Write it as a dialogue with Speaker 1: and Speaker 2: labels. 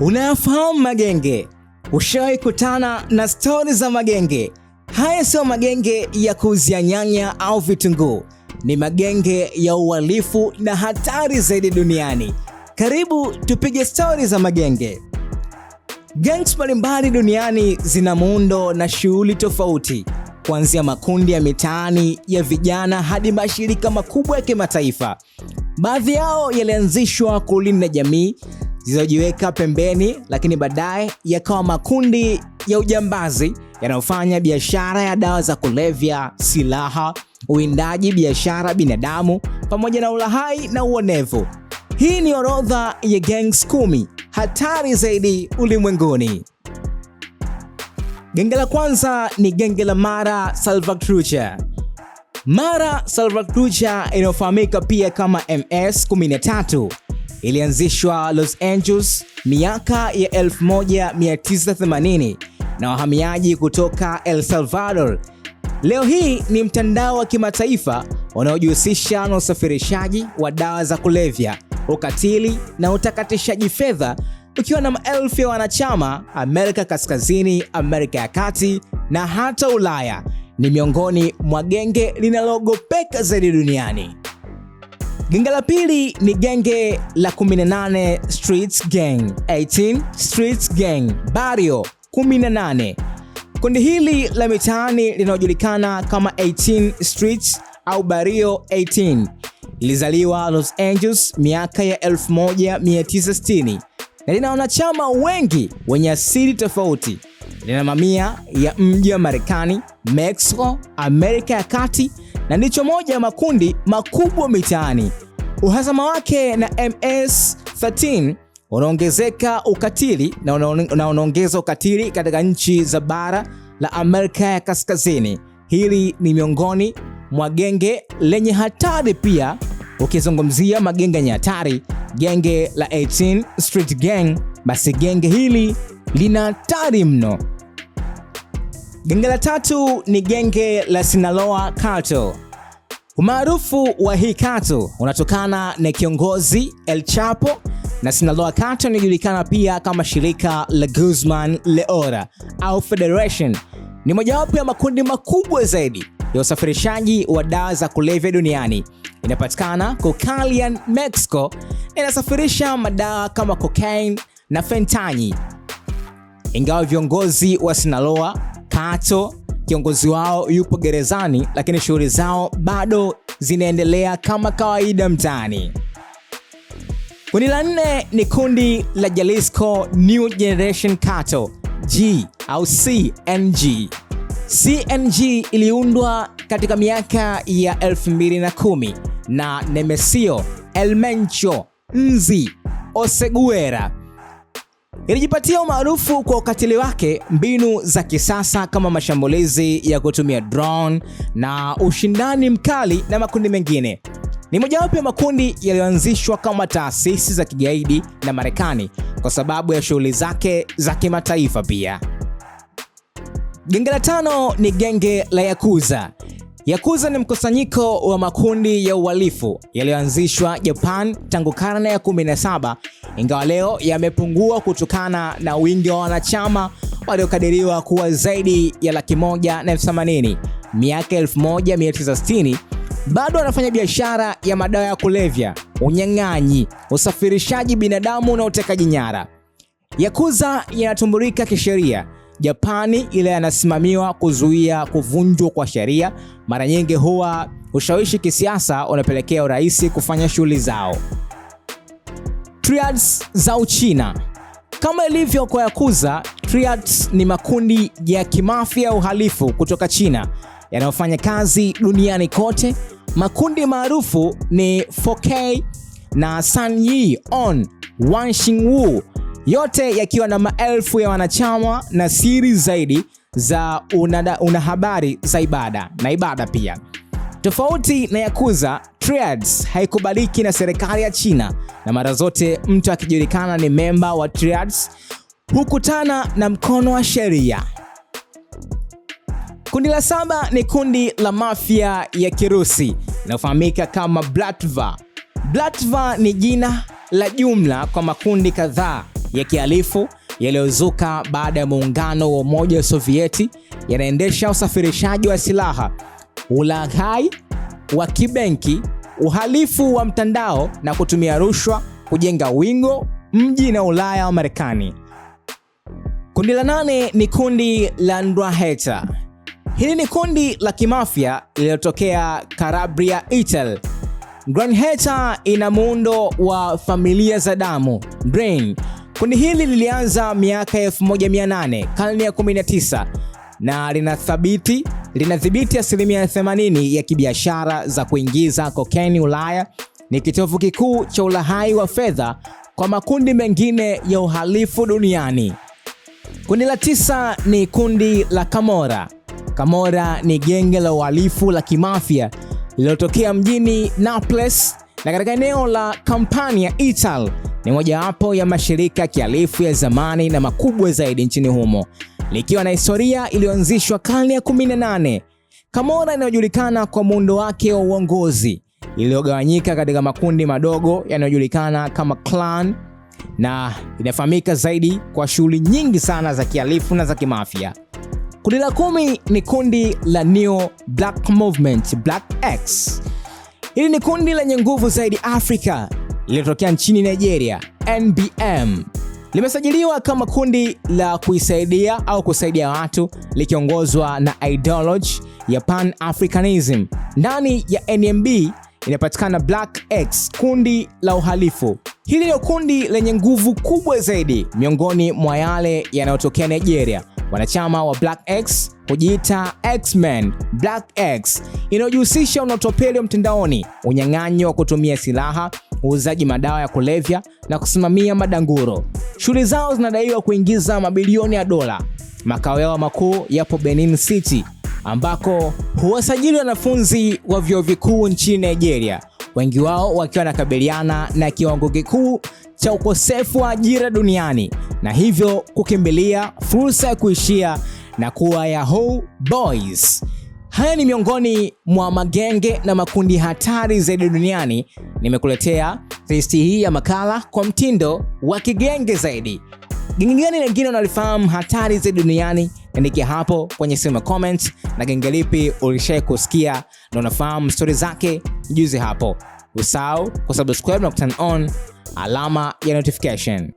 Speaker 1: Unayafahamu magenge? Ushawahi kutana na stori za magenge? Haya sio magenge ya kuuzia nyanya au vitunguu, ni magenge ya uhalifu na hatari zaidi duniani. Karibu tupige stori za magenge. Gangs mbalimbali duniani zina muundo na shughuli tofauti, kuanzia makundi ya mitaani ya vijana hadi mashirika makubwa ya kimataifa. Baadhi yao yalianzishwa kulinda jamii, zilizojiweka pembeni, lakini baadaye yakawa makundi ya ujambazi yanayofanya biashara ya dawa za kulevya, silaha, uwindaji, biashara binadamu, pamoja na ulahai na uonevu. Hii ni orodha ya gangs kumi hatari zaidi ulimwenguni. Genge la kwanza ni genge la Mara Salvatrucha. Mara Salvatrucha inayofahamika pia kama MS 13 ilianzishwa Los Angeles miaka ya 1980 na wahamiaji kutoka El Salvador. Leo hii ni mtandao wa kimataifa unaojihusisha na usafirishaji wa dawa za kulevya, ukatili na utakatishaji fedha, ukiwa na maelfu ya wanachama Amerika Kaskazini, Amerika ya Kati na hata Ulaya. Ni miongoni mwa genge linalogopeka zaidi duniani. Genge la pili ni genge la 18 Streets Gang, 18 Streets Gang, Barrio 18. Kundi hili la mitaani linalojulikana kama 18 Streets au Barrio 18 lilizaliwa Los Angeles miaka ya 1960 na lina wanachama wengi wenye asili tofauti. Lina mamia ya mji wa Marekani, Mexico, Amerika ya Kati na ndicho moja ya makundi makubwa mitaani. Uhasama wake na MS-13 unaongezeka ukatili na unaongeza ukatili katika nchi za bara la Amerika ya Kaskazini. Hili ni miongoni mwa genge lenye hatari pia. Ukizungumzia magenge yenye hatari, genge la 18 Street Gang, basi genge hili lina hatari mno. Genge la tatu ni genge la Sinaloa Cartel. Umaarufu wa hii kato unatokana na kiongozi El Chapo na Sinaloa Cartel inajulikana pia kama shirika la Guzman Leora au Federation. Ni mojawapo ya makundi makubwa zaidi ya usafirishaji wa dawa za kulevya duniani. Inapatikana kokalian Mexico inasafirisha madawa kama cocaine na fentanyl. Ingawa viongozi wa Sinaloa kato kiongozi wao yupo gerezani, lakini shughuli zao bado zinaendelea kama kawaida mtaani. Kundi la nne ni kundi la Jalisco New Generation Cattle G au CNG. CNG iliundwa katika miaka ya 2010 na Nemesio, elmencho Nzi, Oseguera Ilijipatia umaarufu kwa ukatili wake, mbinu za kisasa kama mashambulizi ya kutumia drone na ushindani mkali na makundi mengine. Ni mojawapo ya makundi yaliyoanzishwa kama taasisi za kigaidi na Marekani kwa sababu ya shughuli zake za kimataifa pia. Genge la tano ni genge la Yakuza. Yakuza ni mkusanyiko wa makundi ya uhalifu yaliyoanzishwa Japan tangu karne ya 17, ingawa leo yamepungua kutokana na wingi wa wanachama waliokadiriwa kuwa zaidi ya laki moja na elfu themanini miaka 1960. Bado wanafanya biashara ya madawa ya kulevya, unyang'anyi, usafirishaji binadamu na utekaji nyara. Yakuza yanatumburika kisheria Japani ile yanasimamiwa kuzuia kuvunjwa kwa sheria, mara nyingi huwa ushawishi kisiasa unapelekea urais kufanya shughuli zao. Triads za Uchina. Kama ilivyo kwa Yakuza, triads ni makundi ya kimafia uhalifu kutoka China yanayofanya kazi duniani kote. Makundi maarufu ni 4K na San Yi On, Wan Wu yote yakiwa na maelfu ya wanachama na siri zaidi za habari za ibada na ibada pia. Tofauti na Yakuza, Triads haikubaliki na serikali ya China, na mara zote mtu akijulikana ni memba wa Triads hukutana na mkono wa sheria. Kundi la saba ni kundi la mafia ya Kirusi inayofahamika kama Blatva. Blatva ni jina la jumla kwa makundi kadhaa ya kihalifu yaliyozuka baada ya muungano wa Umoja wa Sovieti yanaendesha usafirishaji wa silaha, ulaghai wa kibenki, uhalifu wa mtandao na kutumia rushwa kujenga wingo mji na Ulaya wa Marekani. Kundi la nane ni kundi la Ndwaheta. Hili ni kundi la kimafia lililotokea Calabria, Italy. Ndwaheta ina muundo wa familia za damu, brain Kundi hili lilianza miaka 1800 karne ya 19 na linathabiti linadhibiti asilimia 80 ya kibiashara za kuingiza kokeni Ulaya. Ni kitovu kikuu cha ulahai wa fedha kwa makundi mengine ya uhalifu duniani. Kundi la tisa ni kundi la Camorra. Camorra ni genge la uhalifu la kimafia lililotokea mjini Naples na katika eneo la Campania, Italy ni mojawapo ya mashirika kialifu ya zamani na makubwa zaidi nchini humo likiwa na historia iliyoanzishwa karne ya 18 Kamora inayojulikana kwa muundo wake wa uongozi iliyogawanyika katika makundi madogo yanayojulikana kama clan na inafahamika zaidi kwa shughuli nyingi sana za kihalifu na za kimafia. Kundi la kumi ni kundi la Neo Black Movement, Black X. Hili ni kundi lenye nguvu zaidi Afrika lililotokea nchini Nigeria, NBM limesajiliwa kama kundi la kuisaidia au kusaidia watu likiongozwa na ideology ya Pan Africanism. Ndani ya NMB inapatikana Black X, kundi la uhalifu. Hili ndio kundi lenye nguvu kubwa zaidi miongoni mwa yale yanayotokea Nigeria. Wanachama wa Black X hujiita X-Men. Black X inayojihusisha na utapeli wa mtandaoni, unyang'anyi wa kutumia silaha uuzaji madawa ya kulevya na kusimamia madanguro. Shughuli zao zinadaiwa kuingiza mabilioni ya dola. Makao yao makuu yapo Benin City ambako huwasajili wanafunzi wa vyuo vikuu nchini Nigeria, wengi wao wakiwa wanakabiliana na kiwango kikuu cha ukosefu wa ajira duniani na hivyo kukimbilia fursa ya kuishia na kuwa Yahoo Boys. Haya ni miongoni mwa magenge na makundi hatari zaidi duniani. Nimekuletea listi hii ya makala kwa mtindo wa kigenge zaidi. Genge gani lingine unalifahamu hatari zaidi duniani? Andike hapo kwenye sehemu comment, na genge lipi ulishai kusikia na unafahamu stori zake? Juzi hapo usahau kusubscribe na turn on alama ya notification.